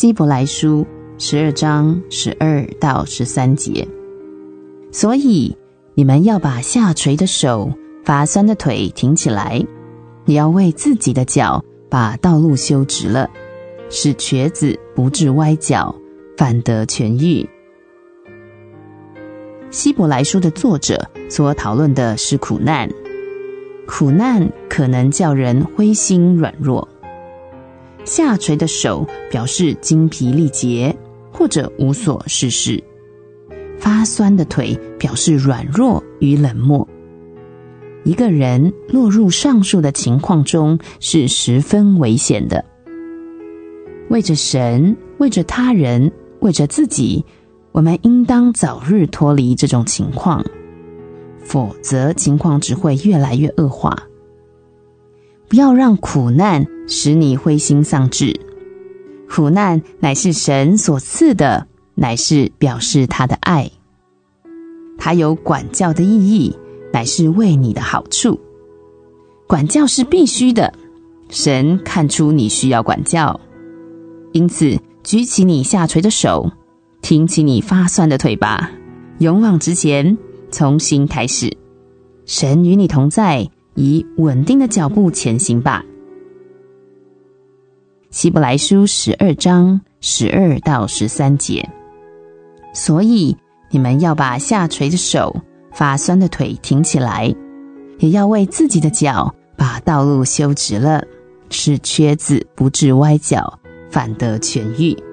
希伯來書十二章十二到十三節，所以你們要把下垂的手、發酸的腿挺起來，你要為自己的腳把道路修直了，使瘸子不致歪腳，反得痊癒。希伯來書的作者所討論的是苦難，苦難可能叫人灰心軟弱。下垂的手表示精疲力竭或者無所事事；發酸的腿表示軟弱與冷漠。一個人落入上述的情況中是十分危險的。為着神，為着他人，為着自己，我們應當早日脫離這種情況，否則情況只會越來越惡化。不要讓苦難使你灰心喪志，苦難乃是神所賜的，乃是表示他的愛，他有管教的意義，乃是為你的好處。管教是必須的，神看出你需要管教，因此舉起你下垂的手，挺起你發酸的腿吧，勇往直前，重新開始，神與你同在。以穩定的腳步前行吧。希伯來書十二章十二到十三節，所以你們要把下垂的手、發酸的腿挺起來，也要為自己的腳把道路修直了，使瘸子不致歪腳，反得痊癒。